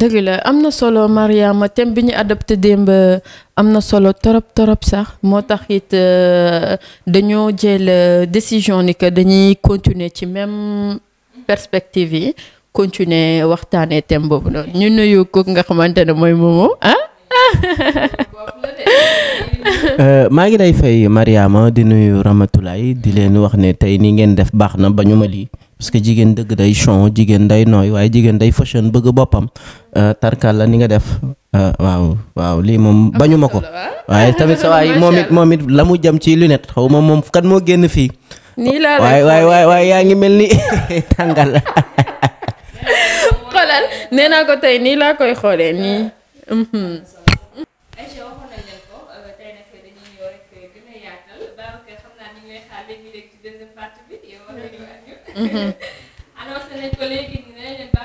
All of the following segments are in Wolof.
dëgg la am na solo Mariama thème bi ñu adopté démb am na solo torop torop sax moo tax it euh, dañoo jël euh, décision ni que dañuy continuer ci même perspective yi continuer waxtaanee thème boobu noonu ñu nuyu ko nga xamante ne mooy Momo ah. Euh, maa ngi day fay Mariama di nuyu Ramatoulaye di leen wax ne tey ni ngeen def baax na ba ñu ma lii. parce que jigéen dëgg day chon jigéen day nooy waaye jigéen day fashion bëgg boppam euh, tarkal la ni nga def euh, waaw waaw lii moom bañu ma ko ah. waaye tamit sa waay moom it moom it la mu jëm ci lunette xaw ma moom kan moo génn fii nii laa waay waay waay yaa ngi mel ni tàngal xoolal nee ko tey nii laa koy xoolee nii mhm. Mm-hmm. Ah, annoncé nañ ko léegi ah, euh, ñu ne leen ko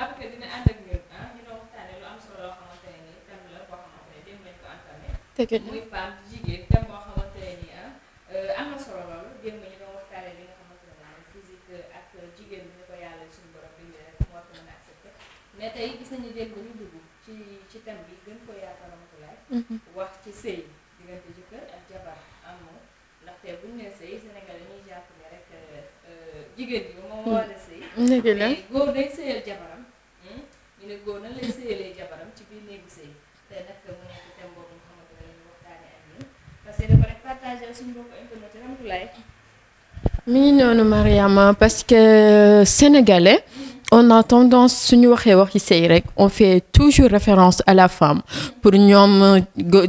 yàlla suñu borom bi tey gis nañu démb ñu dugg ci ci thème bi gën a yaakaar Ramatoulaye. wax ci sëy diggante jëkkër ak jabar amoo ndaxte buñu nee sëy Sénégal dañuy jàpp ne rek euh, euh, jigéen ñi. Hmm? mu ngi noonu Mariama parce que euh, sénégalais hmm. on a tendance suñu waxee waxi sëy rek on fait toujours référence à la femme hmm. pour ñoom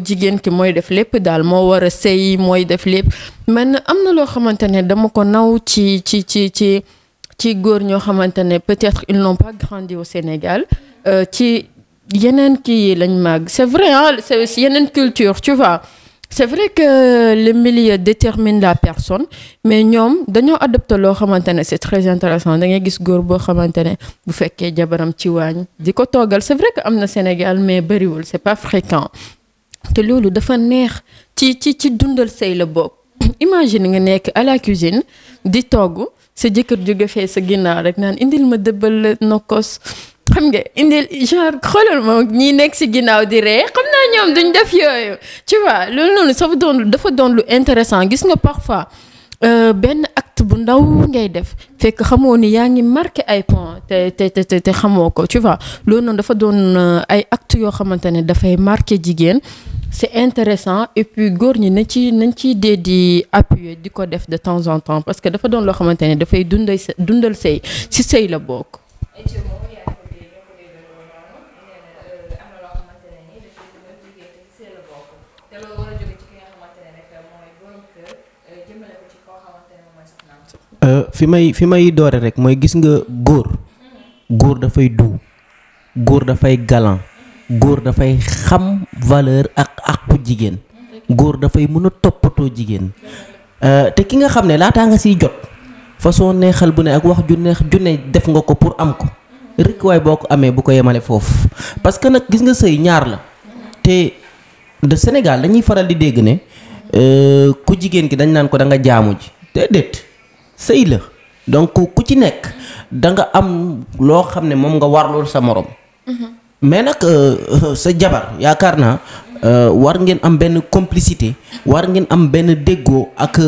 jigéen ki mooy def lépp daal moo war sëy mooy def lépp man am na loo xamante ne dama ko naw ci ci ci ci ci góor ñoo xamante ne peut-être ils n'ont pas grandi au Sénégal euh, ci yeneen kii yi lañ màgg c'est vrai ah c'est yeneen culture tu vois c'est vrai que le milieu détermine la personne mais ñoom dañoo adopté loo xamante ne c'est très intéressant da ngay gis góor boo xamante ne bu fekkee jabaram ci waañ di ko toogal c'est vrai que am na Sénégal mais bëriwul c'est pas fréquent te loolu dafa neex ci ci ci dundal sëy la bokk imagine nga nekk à la cuisine di togg sa jëkkër jóge fee sa ginnaaw rek naan indil ma dëbbal nokkos xam nga indil genre xoolal ma ñi nekk si ginnaaw di ree xam naa ñoom duñ def yooyu tu vois loolu noonu safa doon dafa doon lu intéressant gis nga parfois euh, benn acte bu ndaw ngay def fekk xamoo ni yaa ngi marqué ay point te te te xamoo ko tu vois loolu noonu dafa doon euh, ay acte yoo xamante ne dafay marqué jigéen c'est intéressant et puis góor ñi nañ ci nañ ci dee di appuyer di ko def de temps en temps parce que dafa doon loo xamante ne dafay dundal dundal sëy ci sëy la bokk Euh, fi may fi may doore rek mooy gis nga góor góor dafay du góor dafay galant góor dafay xam valeur ak àqu jigéen góor dafay mën a toppatoo jigéen euh, te ki nga xam ne laataa nga siy jot façon neexal bu ne ak wax ju neex ju ne def nga ko pour am ko rek waaye boo ko amee bu ko yemale foofu parce que nag gis nga sëy ñaar la te de Sénégal dañuy faral di dégg ne euh, ku jigéen ki dañ naan ko danga nga jaamu ji déedéet sëy la donc ku ci nekk da nga am loo xam ne moom nga warlul sa morom. Mm-hmm. mais nag euh, euh, sa jabar yaakaar naa euh, war ngeen am benn complicité war ngeen am benn déggoo ak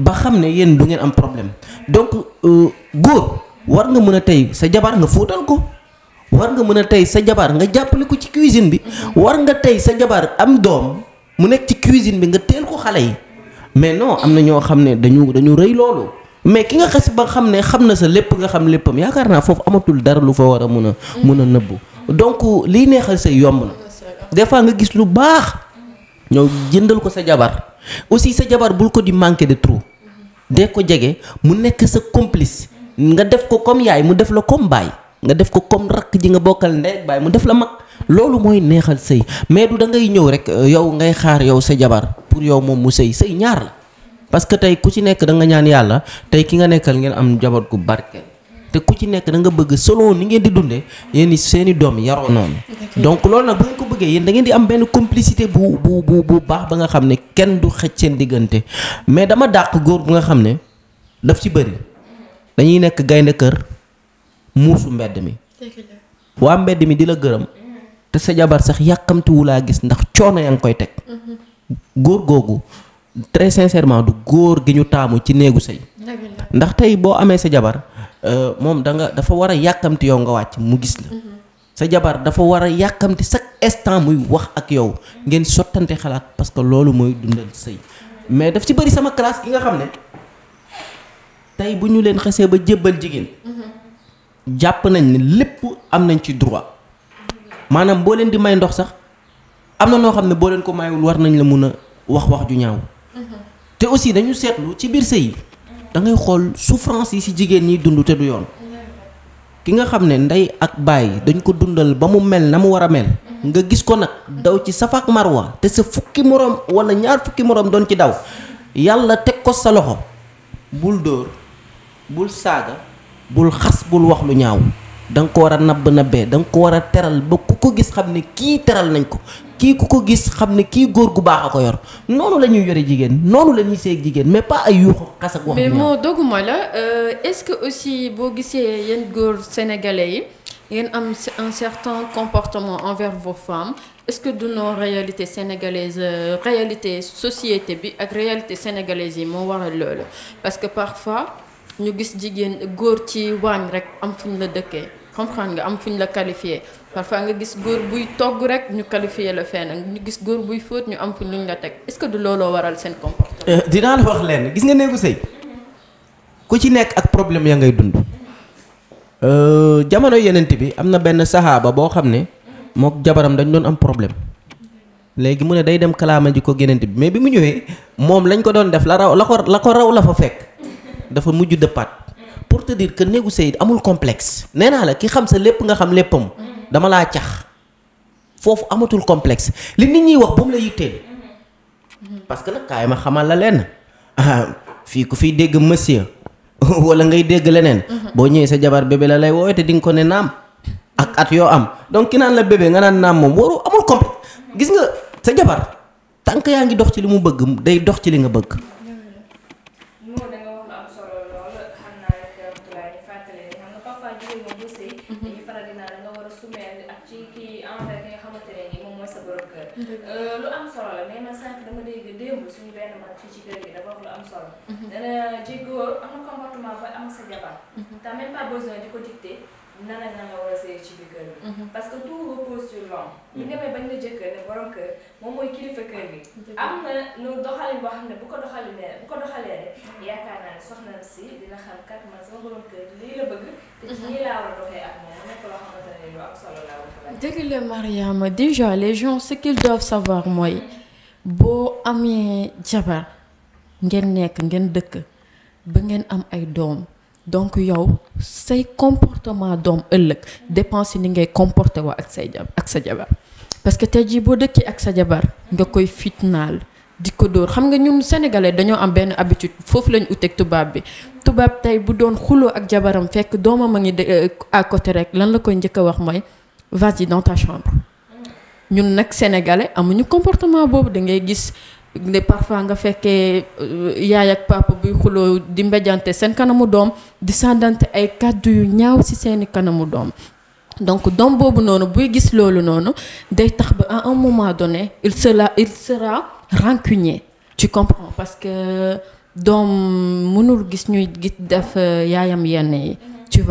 ba xam ne yéen du ngeen am problème donc góor war nga mën a tey sa jabar nga fóotal ko war nga mën a tey sa jabar nga jàppale ko ci cuisine bi mm-hmm. war nga tey sa jabar am doom mu nekk ci cuisine bi nga teel ko xale yi mais non am na ñoo xam ne dañu dañu rëy loolu mais ki nga xas ba xam ne xam na sa lépp nga xam léppam yaakaar naa foofu amatul dara lu fa war a mun a mun a nëbbu donc liy neexal say yomb na des fois nga gis lu baax ñëw jëndal ko sa jabar aussi sa jabar bul ko di manquer de trop dee ko jege mu nekk sa complice nga def ko comme yaay mu def la comme baay nga def ko comme rakk ji nga bokkal ndey baay mu def la mag loolu mooy neexal sëy mais du da ngay ñëw rek euh, yow ngay xaar yow sa jabar pour yow moom mu sëy sëy ñaar la parce que tey ku ci nekk danga ñaan yàlla tey ki nga nekkal ngeen am njaboot gu barkeel te ku ci nekk danga bëgg selon ni ngeen di dundee yéen i seen i doom yaroo noonu donc loolu nag bu ngeen ko bëggee yéen da ngeen di am benn complicité bu bu bu bu baax ba nga xam ne kenn du xëj seen diggante mais dama dàq góor bu nga xam ne daf ci bëri dañuy nekk gaynde kër muusu mbedd mi waa mbedd mi di la gërëm te sa jabar sax yàkkamtiwulaa gis ndax coono yaa ngi koy teg mm-hmm. góor googu très sincèrement du góor gi ñu taamu ci néegu sëy ndax tey boo amee sa jabar euh, moom danga dafa war a yàkkamti yow nga wàcc mu gis la mm-hmm. sa jabar dafa war a yàkkamti chaque instant muy wax ak yow ngeen sottante xalaat parce que loolu mooy dundal sëy mais daf ci bëri sama classe ki nga xam ne tey bu ñu leen xasee ba jébbal jigéen mm-hmm. jàpp nañ ni lépp am nañ ci droit maanaam boo leen di may ndox sax am na noo xam ne boo leen ko mayul war nañ la mun a wax wax ju ñaaw te aussi dañu seetlu ci biir sëy bi dangay xool souffrance yi ci jigéen ñi dund te du yoon ki nga xam ne ndey ak baay dañ ko dundal ba mu mel na mu war a mel nga gis ko nag daw ci safaak marwa te sa fukki moroom wala ñaar fukki moroom doon ci daw yàlla teg ko sa loxo bul dóor bul saaga bul xas bul wax lu ñaaw da nga ko war a nabb nabbee da nga ko war a teral ba ku ko gis xam ne kii teral nañ ko kii ku ko gis xam ne kii góor gu baax a ko yor noonu la ñuy yore jigéen noonu la ñuy seeg jigéen mais pas ay yuuxu xas ak wax mais moo doguma la euh, est-ce que aussi boo gisee yéen góor sénégalais yi ngeen am un certain comportement envers vos femmes est-ce que du noo réalité sénégalaise euh, réalité société bi ak réalité sénégalaise yi moo waral loolu parce que parfois ñu gis jigéen góor ci waañ rek am fu ñu la dëkkee comprendre nga am ñu la qualifié parfois nga gis góor buy togg rek ñu qualifié la feneen ñu gis góor buy fóot ñu am fuñ luñ la teg est-ce que du looloo waral seen comportement. Eh, dinaa la wax leen gis nga néegu sëy ku ci nekk ak problème ya ngay dund euh, jamono yenent bi am na benn saxaaba boo xam ne moo jabaram dañ doon am problème léegi mu ne day dem kalaama ji ko yenent bi mais bi mu ñëwee moom lañ ko doon def la raw la ko la ko raw la fa fekk dafa mujj dëppaat. pour te diir que néegu sëy amul complexe nee naa la ki xam sa lépp nga xam léppam dama laa cax foofu amatul complexe li nit ñiy wax bu mu la yitteel parce que nag ma xamal la lenn ah, fii ku fiy dégg monsieur wala ngay dégg leneen boo ñëwee sa jabar bébé la lay woowe te di nga ko ne naam ak at yoo am donc ki naan la bébé nga naan naam moom waru amul complexe gis nga sa jabar tànk yaa ngi dox ci li mu bëgg day dox ci li nga bëgg lu am solo la nee na sànq dama dégg démb suñu benn mag fii ci kër gi dafa wax lu am solo. Mhm. dana ci góor am na comportement ba am sa jabar. Mhm. t'as même pas besoin di ko dicter. nan ak war a sëy ci biir mhm. parce que tout repose sur l'homme. bu mhm. ñu demee bañ la jëkkër ne borom kër moom mooy kilifa kër bi. am na nu doxalin bu ko doxalee bu ko doxalee rek yaakaar naa ne soxna si dina xam kat man sama borom kër lii la bëgg. te mhm. nii laa war a doxee ak moom mu nekk loo xamante ne lu am solo la woon. dëgg les gens ce qu'ils boo amee jabar ngeen nekk ngeen dëkk ba ngeen am ay doom. donc yow say comportement doom ëllëg dépend yi ni ngay comporté wa ak say jab ak sa jabar parce que tey jii boo dëkkee ak sa jabar nga koy fitnaal di ko dóor xam nga ñun sénégalais dañoo am benn habitude foofu lañ uteeg tubaab bi tubaab tey bu doon xuloo ak jabaram fekk doomam a ngi de euh, à côté rek lan la koy njëkk a wax mooy vas yi dans ta chambre ñun nag sénégalais amuñu comportement boobu da ngay gis ne parfois nga fekkee euh, yaay ak papa buy xuloo di mbéjante seen kanamu doom di sàndante ay kàddu yu ñaaw ci seeni kanamu doom donc doom boobu noonu buy gis loolu noonu day tax ba à un moment donné il sera il sera rancunier tu parce que doom mënul gis ñuy gis def euh, yaayam yenn yi tu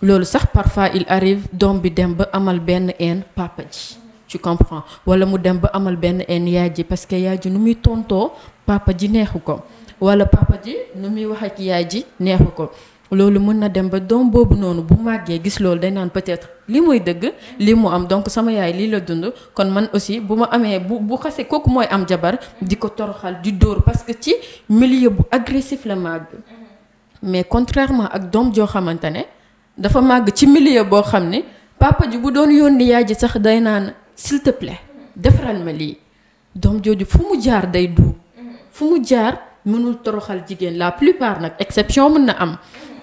loolu sax parfois il arrive doom bi dem ba amal benn haine papa ji tu comprends wala mu dem ba amal benn en yaay ji parce que yaay ji nu muy tontoo papa ji neexu ko wala papa ji nu muy wax ak yaay ji neexu ko loolu mën na dem ba doom boobu noonu bu màggee gis loolu day naan peut-être li mooy dëgg li mu am donc sama yaay lii la dund kon man aussi bu ma amee bu bu xasee kooku mooy am jabar di ko toroxal di dóor parce que ci milieu bu agressif la màgg mais contrairement ak doom joo xamante ne dafa màgg ci milieu boo xam ne papa s'il te plaît defaral ma lii doom jooju fu mu jaar day duub fu mu jaar mënul toroxal jigéen la plupart nag exception mën na am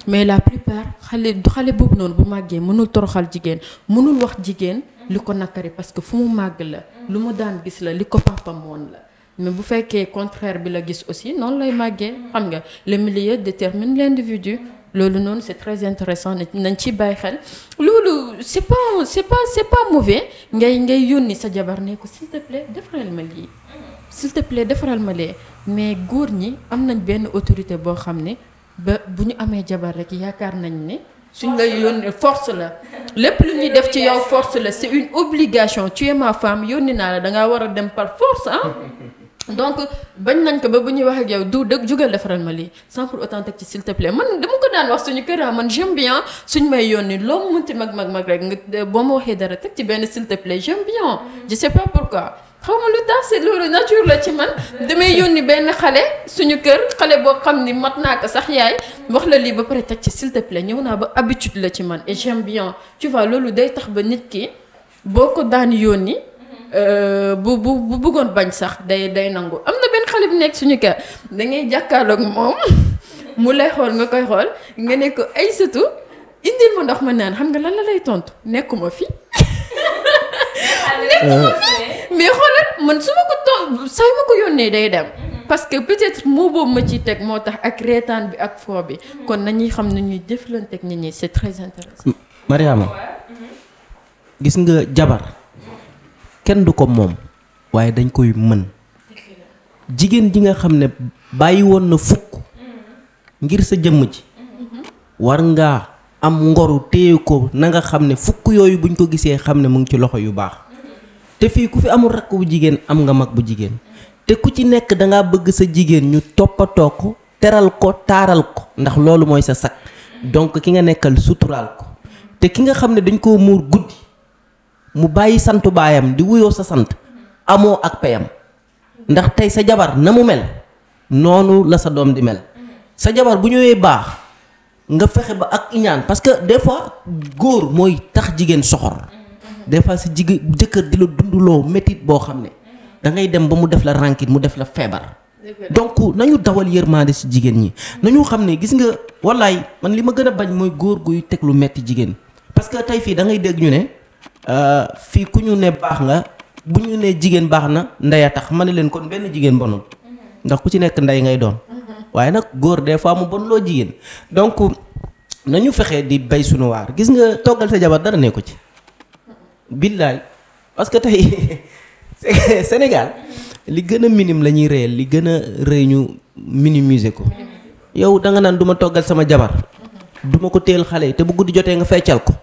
mais la plupart xale du xale boobu noonu bu màggee mënul toroxal jigéen mënul wax jigéen li ko nakari parce que fu mu màgg la lu mu daan gis la li ko papam woon la mais bu fekkee contraire bi la gis aussi noonu lay màggee xam nga le milieu détermine l'individu loolu noonu c'est très intéressant nañ ci bàyyi xel loolu c'est pas c'est pas c'est ngay ngay yónni sa jabar ne ko s'il te plaît defaral ma lii s'il te defaral ma lee mais góor ñi am nañ benn autorité boo xam ne ba bu ñu amee jabar rek yaakaar nañ ne suñ la yónnee force la lépp lu ñuy def ci yow force la c'est une obligation tu femme yónni naa la dangaa war a dem par force ah donc bañ nañ ko ba bu ñuy wax ak yow du dëgg jugal defaral ma lii sans pour autant teg ci s'il te man dama ko daan wax suñu kër ah, man j'aime bien suñ may yónni loo munti mag mag mag rek nga euh, boo ma waxee dara teg ci benn s'il te plaît j'aime bien je sais pas pourquoi. xaw ma lu tax c'est loolu nature la ci man damay yónni benn xale suñu kër xale boo xam ni mat naa ko sax yaay wax la lii ba pare teg ci s'il te ñëw naa ba habitude la ci man et j'aime bien tu loolu day tax ba nit ki boo ko daan yónni. Euh, bu bu bu bëggoon bañ sax day day nangu am na benn xale bu nekk suñu kar da ngay jàkkaarloog moom mu lay xool nga koy xool nga ne ko ay sëtu indil ma ndox ma naan xam nga lan la lay tontu nekkuma fi. nekkuma fi mais xoolal man su ma ko tontu say ma ko yónnee day dem. Mm-hmm. parce que peut-être moo boobu ma ciy teg moo tax ak reetaan bi ak foo bi mm-hmm. kon nañuy xam ne ñuy jëflanteeg nit ñi c'est très intéressant. Mariama mm-hmm. gis nga jabar. kenn du ko moom waaye dañ koy mën jigéen ji nga xam ne bàyyi woon na fukk ngir sa jëmm ji war ngaa am ngoru téye ko na nga xam ne fukk yooyu buñ ko gisee xam ne mu ngi ci loxo yu baax te fii ku fi amul rakk bu jigéen am nga mag bu jigéen te ku ci nekk danga bëgg sa jigéen ñu toppatoo ko teral ko taaral ko ndax loolu mooy sa sag donc ki nga nekkal suturaal ko te ki nga xam ne dañ koo muur guddi mu bàyyi santu baayam di wuyoo sa sant amoo ak payam ndax tey sa jabar na mu mel noonu la sa doom di mel sa jabar bu ñëwee baax nga fexe ba ak iñaan parce que des fois góor mooy tax jigéen soxor des fois sa jig jëkkër di la dundu loo métit boo xam ne da ngay dem ba mu def la rankit mu def la feebar donc nañu dawal yërmande si jigéen ñi nañu xam ne gis nga wallaay man li ma gën a bañ mooy góor guy teg lu metti jigéen parce que tey fii da ngay dégg ñu ne Euh, fii ku ñu ne baax nga bu ñu ne jigéen baax na ndey a tax ma ne leen kon benn jigéen bonul ndax ku ci nekk ndey ngay doon waaye nag góor de fois mu bon loo jigéen donc ñu fexee di bay suñu waar gis nga toggal sa jabar dara ne ko ci billaay parce que tey Sénégal li gën a minime la ñuy réyal li gën a rëy ñu minimiser ko yow danga naan duma toggal sama jabar duma ko teel xale yi te bu guddi jotee nga feccal ko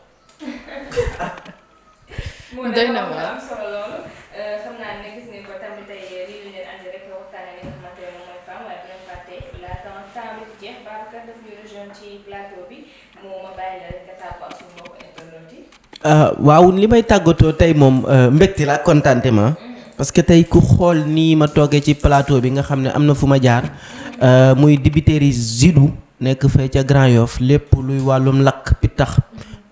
waaw li may tàggatoo tey moom euh, mbégte la contentement. Mhm. parce que tey ku xool nii ma toogee ci palaato bi nga xam ne am na fu ma jaar euh, muy dibiteri Zidou nekk fee ca Grand Yoff lépp luy wàllum lakk pittax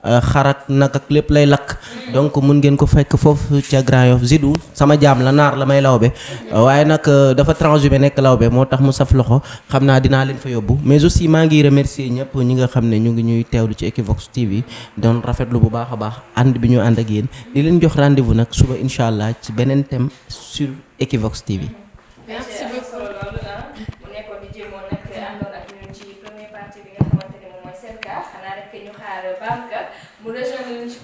Euh, xarak nag ak lépp lay lakk donc mun ngeen ko fekk foofu ca Grand Yoff Zidou sama jaam la naar la may lawbe waaye nag euh, dafa transhumé nekk lawbe moo tax mu saf loxo xam naa dinaa leen fa yóbbu mais aussi maa ngi remercier ñëpp ñi nga xam ne ñu ngi ñuy teewlu ci Equivox TV doon rafetlu bu baax a baax ànd bi ñu ànd ak yéen di leen jox rendez nag suba incha allah ci beneen thème sur Equivox TV. rejoindre ñu ci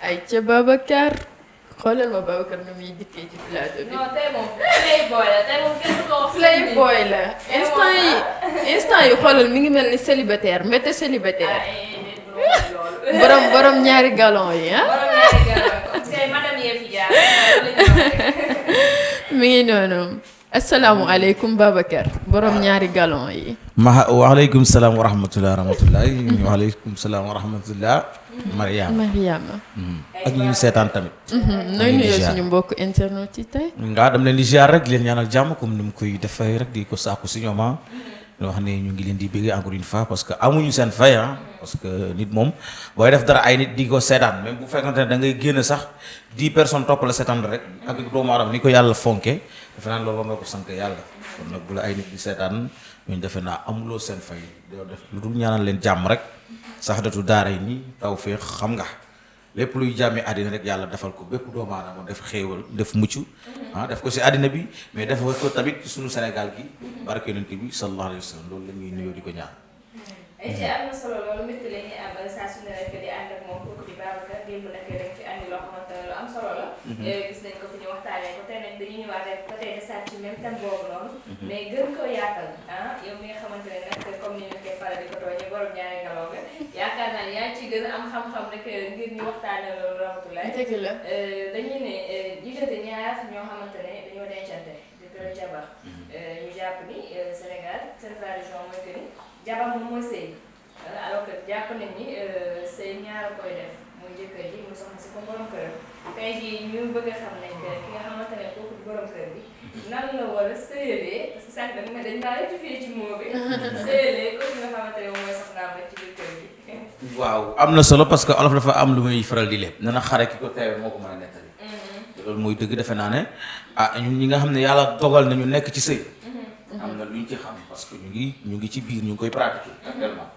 ay ca Babacar. xoolal ma Babacar nu muy dikkee ci plateau bi. non tey la instant yi instant yi xoolal mi ngi mel ni célibataire mbete célibataire. borom borom ñaari galon yi ah. mi ngi noonu. asalaamaaleykum Babacar borom ñaari galon yi. ma salaam wa rahmatulah rahmatulah. salaam wa rahmatulah. Mariama Mariama. Hmm. ak ñu seetaan tamit. Mhm. nooy nuyoo suñu mbokk internet yi tey. nga dam leen di ziar rek leen ñaanal jàmm comme ni mu koy defee rek di ko saaku si ñoom ah. loo xam ne ñu ngi leen di bëgg encore une fois parce que amuñu seen fay ah, parce que nit moom booy def dara ay nit di ko seetaan même bu fekkante ne da ngay génn sax di personnes topp la seetaan rek ak doomu aadama ni ko yàlla fonke defe naa loolu war nga ko sant yàlla kon nag bu la ay nit di seetaan ñun defe naa amuloo seen fay doo def lu dul ñaanal leen jàmm rek sax datu daara yi nii taw feex xam nga lépp luy jàmmi àddina rek yàlla defal ko bépp doomu aadama def xéewal def mucc ah, def ko si àddina bi mais def ko tamit suñu senegal gi barke yonent bi na solo loolu mbégte loo xamante ne am solo la. Mhm. Eh, gis nañ ko fi ñu waxtaanee ko tey nag ñëwaat rek ba tey desaat ci même boobu noonu. Mhm. mais gën ko yaatal ah, yow mi nga xamante ne comme ni ñu koy faral di ko tooñee borom ñaari. gën a am xam-xam rek eh, ngir ñu waxtaanee loolu Ramatoulaye. dëgg la eh, dañuy ne diggante eh, ñaar ñoo xamante ne o dencante di kër jabar mhm. ñu jàpp ni Sénégal seen tradition mooy que ni jabar moom mooy sëy alors que jàpp nañ ni sëy ñaar def muy jëkkër ji mu si ko borom kër tey jii ñu bëgg a xam ne ki nga xamante ne kooku borom kër bi. nan la war a séyalee parce que sànq da nga waaw am na solo parce que olof dafa am lu muy faral di lépp nee na xare moo ko mm-hmm. loolu mooy dëgg defe naa ne ah ñun ñi nga xam ne yàlla dogal nañu nekk ci sëy. Mm-hmm. am na luñ ci xam parce que ñu ngi ñu ngi ci biir ñu ngi koy pratiquer mm-hmm. actuellement.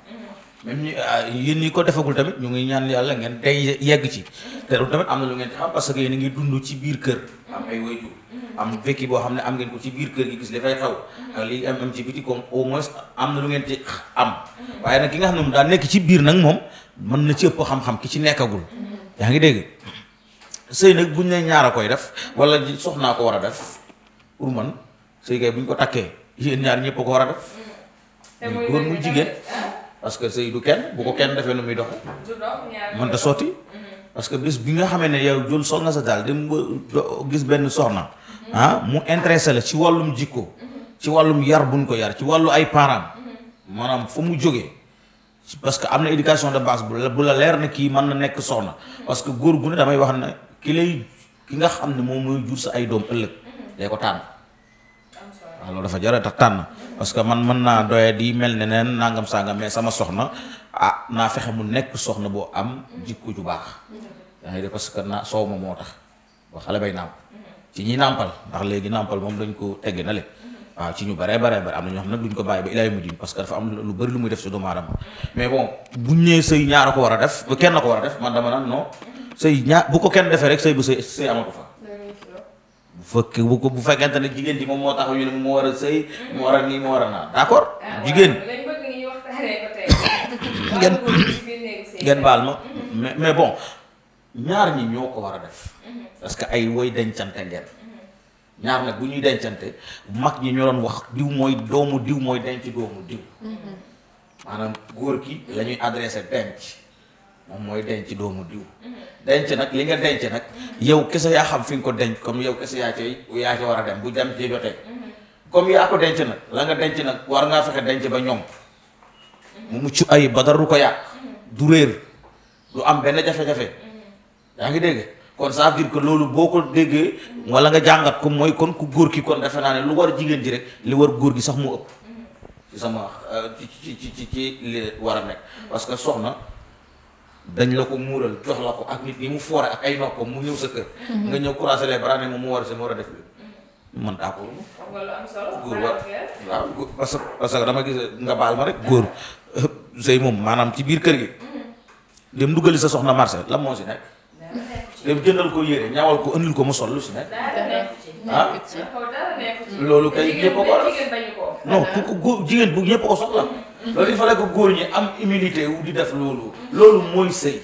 même ñu ah, yéen ñi ko defagul tamit ñu ngi ñaan yàlla ngeen day yegg ci. te tamit am na lu ngeen ci xam parce que yéen a ngi dund ci biir kër. am ay wayjur mhm. am fekki boo xam ne am ngeen ko ci biir kër gi gis dafay xew ak mhm. li am am ci biti comme au moins am na lu ngeen ci am mhm. waaye nag ki nga xam ne moom daa nekk ci biir nag moom mën na ci ëpp xam-xam ki ci nekkagul yaa ngi dégg sëy nag buñ ne ñaar a koy def wala soxnaa ko war a def pour man sëy kay buñ ko takkee yéen ñaar ñëpp a ko war a def muy góor muy jigéen ah. parce que sëy du kenn bu ko kenn defee nu muy doxe mënta sotti parce que bis bi nga xamee ne yow jul soxna sa daal dem gis benn soxna ah mu intéressé la ci wàllum jikko ci wàllum yar buñ ko yar ci wàllu ay parents maanaam fu mu jógee parce que am na éducation de base bu la leer na kii man na nekk soxna parce que góor gu ne damay wax na ki lay ki nga xam ne moom muy jur sa ay doom ëllëg day ko tànn waaw ah, loolu dafa jar tax tànn parce que man mën naa doye di mel ne neen nangam sangam mais sama soxna naa fexe mu nekk soxna boo am jikko ju baax yaa de parce que na soow ma moo tax ba xale bay nàmp ci ñi nàmpal ndax léegi nàmpal moom dañ ko tegg na le waaw ci ñu bare baree bare am na ñoo xam nag duñ ko bàyyi ba ilaay mujj parce que dafa am lu bëri lu muy def si doomu aadama mais bon buñ nee sëy ñaar a ko war a def ba kenn ko war a def man dama naan non sëy ñaar bu ko kenn defee rek sëy bu sëy sëy amatu fa bu fekkee bu ko bu fekkente ne jigéen ji moom moo tax ñu war a sëy mu war war a naan d'accord ah, gen ngeen baal ma mm-hmm. mais bon ñaar ñi ñoo ko war a def mm-hmm. parce que ay woy dencante ngeen mm-hmm. ñaar nag bu ñuy dencante mag ñi ñoo doon wax diw mooy doomu diw mooy denc doomu diw maanaam góor ki lañuy ñuy adressé denc moom mooy denc doomu diw denc nag li nga denc nag yow kese yaa xam fi nga ko denc comme yow kese yaa cay yaa ci war a dem bu dem ci jotee comme yaa ko denc nag la nga denc nag war ngaa fexe denc ba ñoom mu mucc ay ba dara du ko yàq du réer lu am benn jafe-jafe yaa ngi dégg kon ça veut ko loolu boo ko déggee wala nga jàngat ko mooy kon ku góor ki kon defe naa ne lu war jigéen ji rek li war góor gi sax mu ëpp ci sama ci ci ci ci li war a nekk parce que soxna dañ la ko muural jox la ko ak nit ñi mu foore ak ay noppam mu ñëw sa kër. nga ñëw croiser les bras ne moom mu war a seen war a def li man d'accord. góor waaw parce que dama gis nga baal ma rek góor sëy moom maanaam ci biir kër gi dem duggali sa soxna marché lan si nekk dem jëndal ko yére ñaawal ko andil ko mu sol lu si nekk ah? loolu kay ñëpp ko non ku ko góor jigéen ko góor ñi am immunité wu di def loolu loolu mooy sëy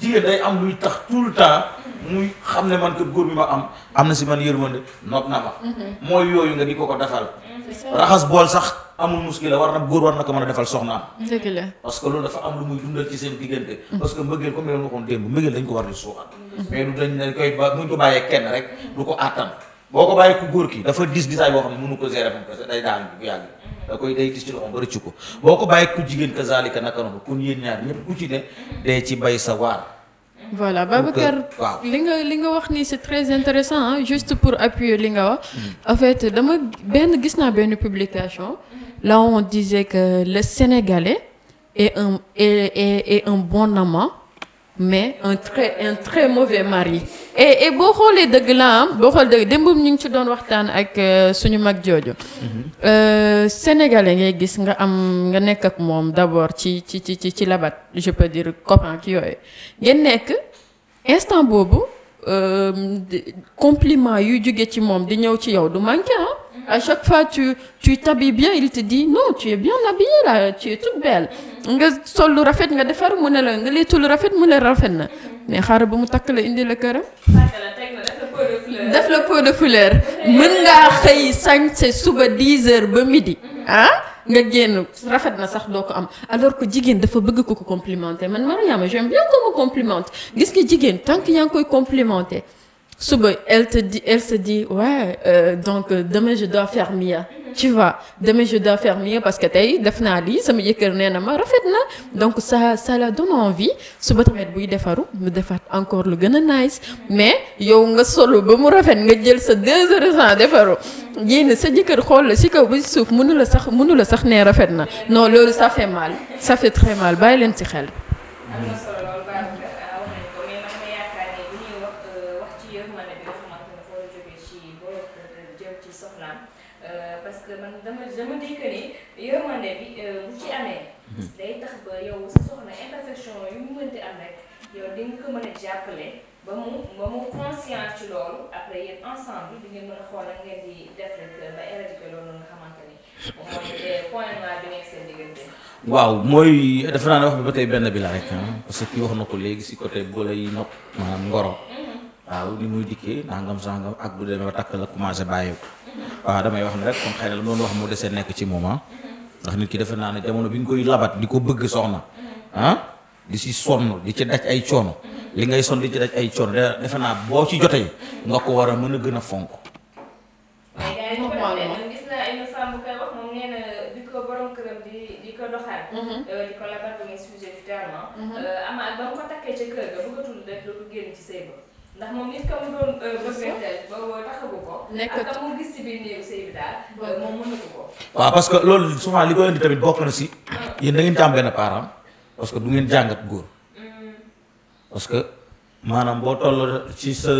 jigéen day am luy tax tout le temps muy xam ne man kër góor bi ma am am na si man yërmande noot na ma mhm. mooy yooyu nga di ko ko defal raxas bool sax amul muskila war na góor war na ko mën a defal soxnaam. dëgg la parce que loolu dafa am lu muy dundal ci seen diggante. parce que mbëggeel comme yow ko war di suuxat. mais ko bàyyee kenn rek du ko àttan boo ko bàyyee ku góor ki dafa dis disaay boo xam ne mënu ko gérer moom parce que day daan bu yàgg. da koy day tis ci loxoom ba rëcc ko boo ko bàyyee ku jigéen kazaalika naka noonu kon yéen ñaar ñëpp ku ci ne dee ci bay sa waar. voilà Babacar euh, li nga li nga wax ni c'est très intéressant hein, juste pour appuyer li nga wax. Mm. en fait dama benn gis na benn publication. là on disait que le Sénégalais est un est est, est un bon amant. mais un très un très mauvais mari et boo xoolee dëgg la am boo xoolee dëgg démb ñu ngi ci doon waxtaan ak euh, suñu mag jooju. Mm-hmm. Euh, sénégalais ngay gis nga am nga nekk ak moom d'abord ci ci ci ci ci labat je peux dire copain ki yooyu ngeen nekk instant boobu euh, compliment yuy jóge ci moom di ñëw ci yow du manqué ah. À chaque fois, tu tu t'habilles bien, il te dit non, tu es bien habillée là, tu es toute belle. nga sol lu rafet nga defar mu ne la nga leetu lu rafet mu ne rafet na mais xaaral ba mu takk la indi la këram. def la pot de fleur mën ngaa xëy sañse suba 10 heures ba midi. ah nga génn rafet na sax doo ko am alors ko jigéen dafa bëgg ko ko complimenter man a j'aime bien ko ko complimenter gis nga jigéen tant yaa ngi koy complimenter. suba elle te dit elle se dit ouais euh, donc euh, demain je dois faire mieux tu vois demain je dois faire parce que tey def naa lii sama jëkkër nee na ma rafet na donc sa ça la donne envie suba tamit buy defaru mu defar encore lu gën a nice mais yow nga solo ba mu rafet nga jël sa deux heures sans defaru yéen sa jëkkër xool la si kaw ba suuf mënu la sax mënula sax nee rafet na non loolu ça fait mal ça fait très mal bàyyi leen si xel. yow sa soxna imperfection yu mu mënti am rek yow di ko mën a jàppale ba mu ba mu conscience ci loolu après yéen ensemble di ngeen a xool ak naa ne wax bi ba tey benn bi la rek ah, parce que wax na ko léegi si côté bu lay nopp maanaam mm-hmm. ni muy dikkee nangam sangam ak bu demee ba takk la commencé bàyyi ko. waaw damay wax na rek kon xëy na lu wax mu dese nekk ci moment. Ah. ndax nit ki defe naa ne jamono bi nga koy labat di ko bëgg soxna ah di si sonn di ci daj ay coono li ngay sonn di ci daj ay coono defe naa boo ci jotee nga ko war a mën a gën a fonk. di ko labat ba ngay sujet finalement. Mhm. Euh, Amath ba mu ko takkee ca kër ga bëggatul rek lu génn ci sëy ndax moom euh, euh, waaw parce que loolu souvent li koy indi tamit bokk na si. yéen da ngeen ci am benn parent. parce que du ngeen jàngat góor. Mm. parce que maanaam boo toll ci sa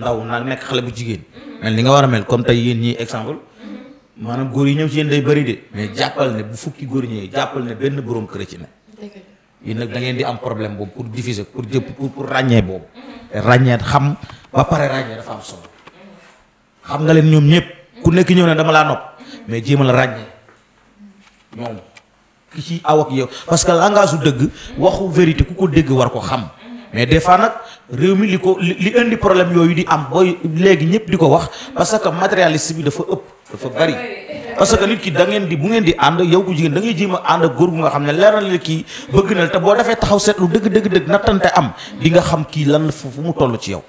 ndaw nag nekk xale bu jigéen. Mm-hmm. mel ni nga war a mel comme tey yéen ñii exemple. Mm-hmm. maanaam góor yi ñëw ci yéen day bëri de. mais jàppal ne bu fukki góor ñëwee jàppal ne benn borom kër ci ne. yi nag da ngeen di am problème boobu pour diffuser pour jëpp pour pour ràññee boobu mhm. ràññeet xam ba pare ràññee dafa am solo xam nga leen ñoom ñëpp ku nekk ñëw ne dama laa nopp mais jéem a la ràññee moom ki ci aw ak yow parce que langage su dëgg waxu vérité ku ko dégg war ko xam mais des fois nag réew mi li ko li indi problème yooyu di am booy léegi ñëpp di ko wax parce que matérialiste bi dafa ëpp dafa bari parce que nit ki da ngeen di bu ngeen di ànd yow ku jigéen da ngay a ànd ak góor gu nga xam ne leer na la kii bëgg na te boo defee taxaw seetlu dëgg dëgg dëgg nattante am di nga xam kii lan fu mu toll ci yow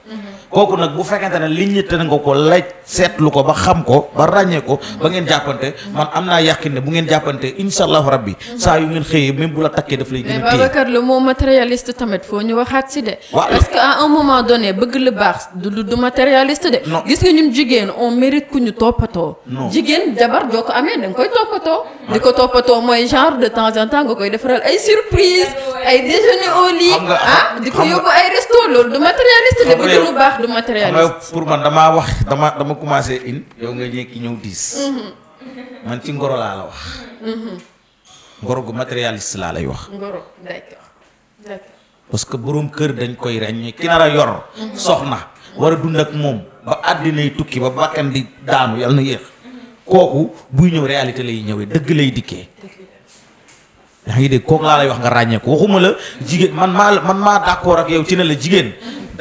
kooku nag bu fekkante ne liñ ñi tënk nga ko laaj seetlu ko ba xam ko ba ràññee ko ba ngeen jàppante man am naa yàqin ne bu ngeen jàppante incha allahu rabbi saa yu ngeen xëyee même bu la takkee daf lay gën a téye mais Babacar Lo tamit foo ñu waxaat si de parce que à bëgg lu baax du matérialiste de gis nga ñun jigéen on mérite ku ñu toppatoo jigéen jabar joo ko amee da koy toppatoo di ko toppatoo mooy genre de temps en temps nga koy defaral ay surprise ay déjeuner au lit ah di ko yóbbu ay resto loolu du matérialiste de bëgg lu du matérialiste pour man damaa wax dama dama commencé in yow nga ñekki ñëw diis man ci ngoro laa la wax ngoro gu matérialiste laa lay wax ngoro d'accord que boroom kër dañ koy reñ ki nar a yor soxna war a dund ak moom ba àddinay tukki ba bakkan di daanu yàlla na yéex kooku buy ñëw réalité lay ñëwee dëgg lay dikkee yaa ngi dégg kooku laa lay wax nga ràññee ko waxuma la jigéen man maa man maa d'accord ak yow ci ne la jigéen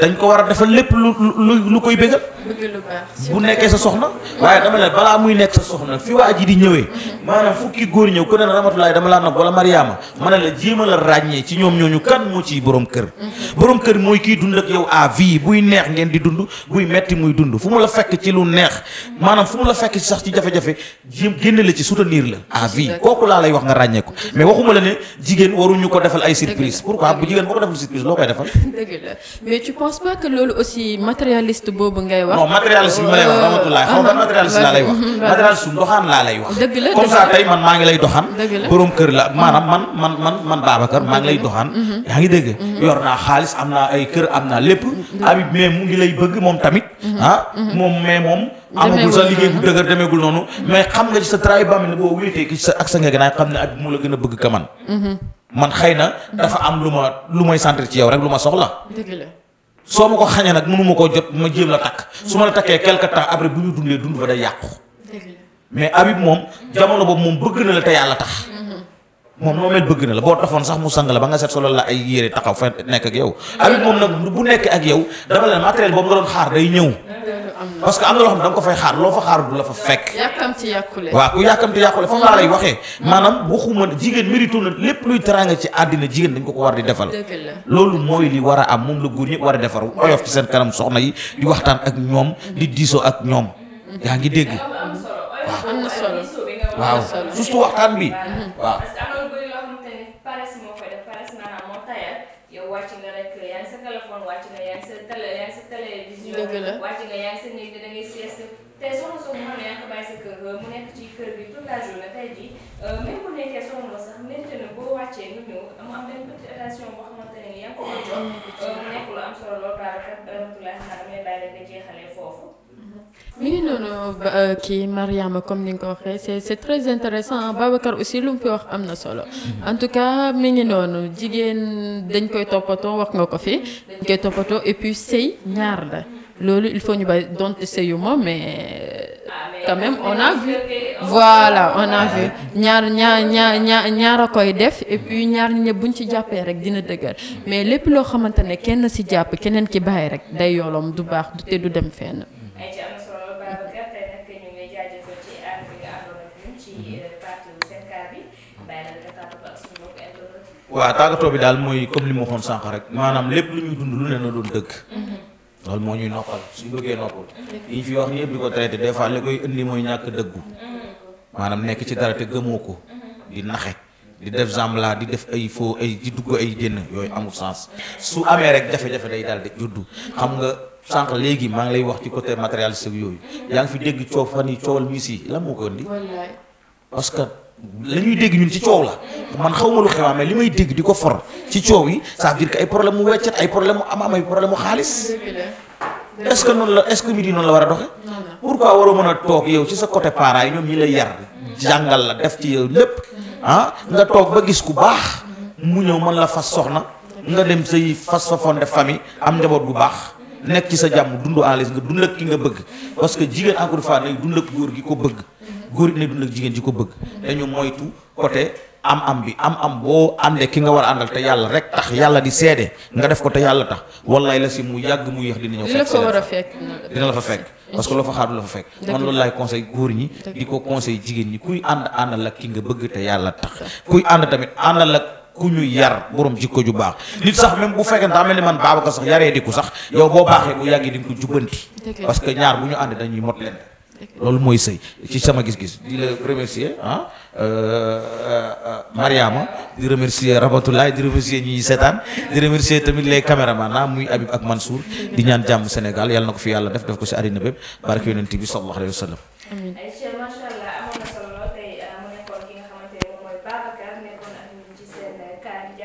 dañ ko war a defal lépp lu lu lu koy bégal bëgg lu baax bu nekkee sa soxna waaye dama ne balaa muy nekk sa soxna fi waa ji di ñëwee maanaam fukki góor ñëw ku ne ramatulaay dama laa nopp wala mariama ma la jéem la ràññee ci ñoom ñooñu kan moo ciy borom kër borom kër mooy kiy dund ak yow à buy neex ngeen di dund buy metti muy dund fu mu la fekk ci lu neex maanaam fu mu la fekk sax ci jafe-jafe jéem génne la ci soutenir la à vie kooku laa lay wax nga ràññee ko mais waxuma la ne jigéen waruñu ko defal ay surprise pourquoi bu jigéen boo ko defal surprise loo koy defal non matérialiste bi ma lay wax rahmatulah xaw ban matérialiste laa lay wax matérialiste su doxaan laa lay wax dëgg la comme ça tey man maa ngi lay doxaan borom kër la maanaam man man man man maa ngi lay doxaan mm-hmm. yaa ngi dégg mm-hmm. yor naa xaalis am naa ay kër am naa lépp mm-hmm. Habib mais mu ngi lay bëgg moom tamit ah moom mais moom amagul sa liggéey bu dëgër demeegul noonu mais xam nga ci sa travail ba am ne boo wéetee ki sa ak sa nga gënaay xam ne Habib mu la gën a bëgg ka man man xëy na dafa am lu ma lu may centre ci yow rek lu ma soo ma ko xañee nag mënu ma koo jot ma jéem la takk su ma la takkee quelque temps après bu ñu dundee dund ba day yàqu mais Habib moom jamono boobu moom bëgg na la te yàlla tax moom noo mel bëgg na la boo tafoon sax mu sang la ba nga set solo la ay yére taxaw fa nekk ak yow Habib moom nag bu nekk ak yow dama leen matériel boobu nga doon xaar day ñëw parce que am na loo xam ne da ko fay xaar loo fa xaar du la fa fekk. yàkkamti yàqule. waaw ku yàkkamti yàqule foofu laa lay waxee. Mm-hmm. maanaam waxuma jigéen mérito na lépp luy teraanga ci àddina jigéen dañ ko ko war di defal. loolu mooy li war a am moom la góor ñëpp war a defar oyof ci seen kanam soxna yi di waxtaan ak ñoom di diisoo ak ñoom mm-hmm. yaa ngi dégg. waaw waxtaan bi mm-hmm. waaw. jeexalee foofu. mi ngi noonu euh, kii Mariama comme ni nga ko waxee c'est c'est très intéressant Babacar aussi lu mu fi wax am na solo en tout cas mi ngi noonu jigéen dañ koy toppatoo wax nga ko fi dañ koy toppatoo et puis sëy ñaar la loolu il faut ñu ba donte sëyu ma mais. quand même on a voilà on a ñaar ñaar ñaar ñaar a koy def et puis ñaar ñëpp buñ ci jàppee rek dina dëgër mais lépp loo xamante ne kenn ci jàpp keneen ci bàyyi rek day yoolom du baax du te du dem fenn. Mhm. Euh, waaw tàggatoo bi daal mooy comme li ma waxoon maanaam lépp lu ñuy dund lu ne na doon dëgg. Mhm. loolu moo ñuy noppal suñ bëggee noppal yi ñu fi wax yëpp di ko traité des li koy indi mooy ñàkk dëggu maanaam nekk ci dara te gëmoo ko di naxe di def zambla di def ay faux ay di dugg ay génn yooyu amul sens su amee rek jafe-jafe day daal di juddu xam nga sànq léegi maa ngi lay wax ci côté matériel sëg yooyu yaa ngi fi dégg coow fan yi coowal miis yi moo ko indi parce la ñuy dégg ñun ci coow la man xaw ma lu xewaa mais li may dégg di ko for ci coow yi ça veut dire que ay problème mu weccet ay problème mu am am ay problème mu xaalis est-ce que noonu la est-ce que midi noonu la war a doxe pourquoi waroo mën a toog yow ci sa côté parents yi ñoom ñi la yar jàngal la def ci yow lépp ah nga toog ba gis ku baax mu ñëw mën la fas soxna nga dem say fas fa fonde famille am njaboot bu baax nekk ci sa jàmm dund à l'aise nga dund ak ki nga bëgg parce que jigéen encore une fois day dund gi ko bëgg góor dina dund ak jigéen ji ko bëgg dañu moytu côté am am bi am am boo àndee ki nga war a àndal te yàlla rek tax yàlla di seede nga def ko te yàlla tax wallaay la si mu yàgg mu yéex dina ñëw fekk fa fekk dina la fekk parce que loo fa xaar du loolu laay conseil góor ñi di ko conseil jigéen ñi kuy ànd àndal ak ki nga bëgg te yàlla tax kuy ànd tamit àndal ak ku ñu yar borom jikko ju baax nit sax même bu fekkee daa mel ni man baaba ko sax yaree di sax yow boo baaxee bu yàggee di ko jubbanti parce ñaar bu ñu ànd dañuy mot leen loolu mooy sëy ci sama gis-gis di la remercier ah euh, euh, euh, Mariama di remercier Rabatulaay di remercier ñi seetaan di remercier tamit les caméramans ah muy Habib ak Mansour di ñaan jàmm Sénégal yàlla na ko fi yàlla def def ko si àddina bépp barke yonent bi sallallahu alayhi wa sallam. amiin. macha allah amoon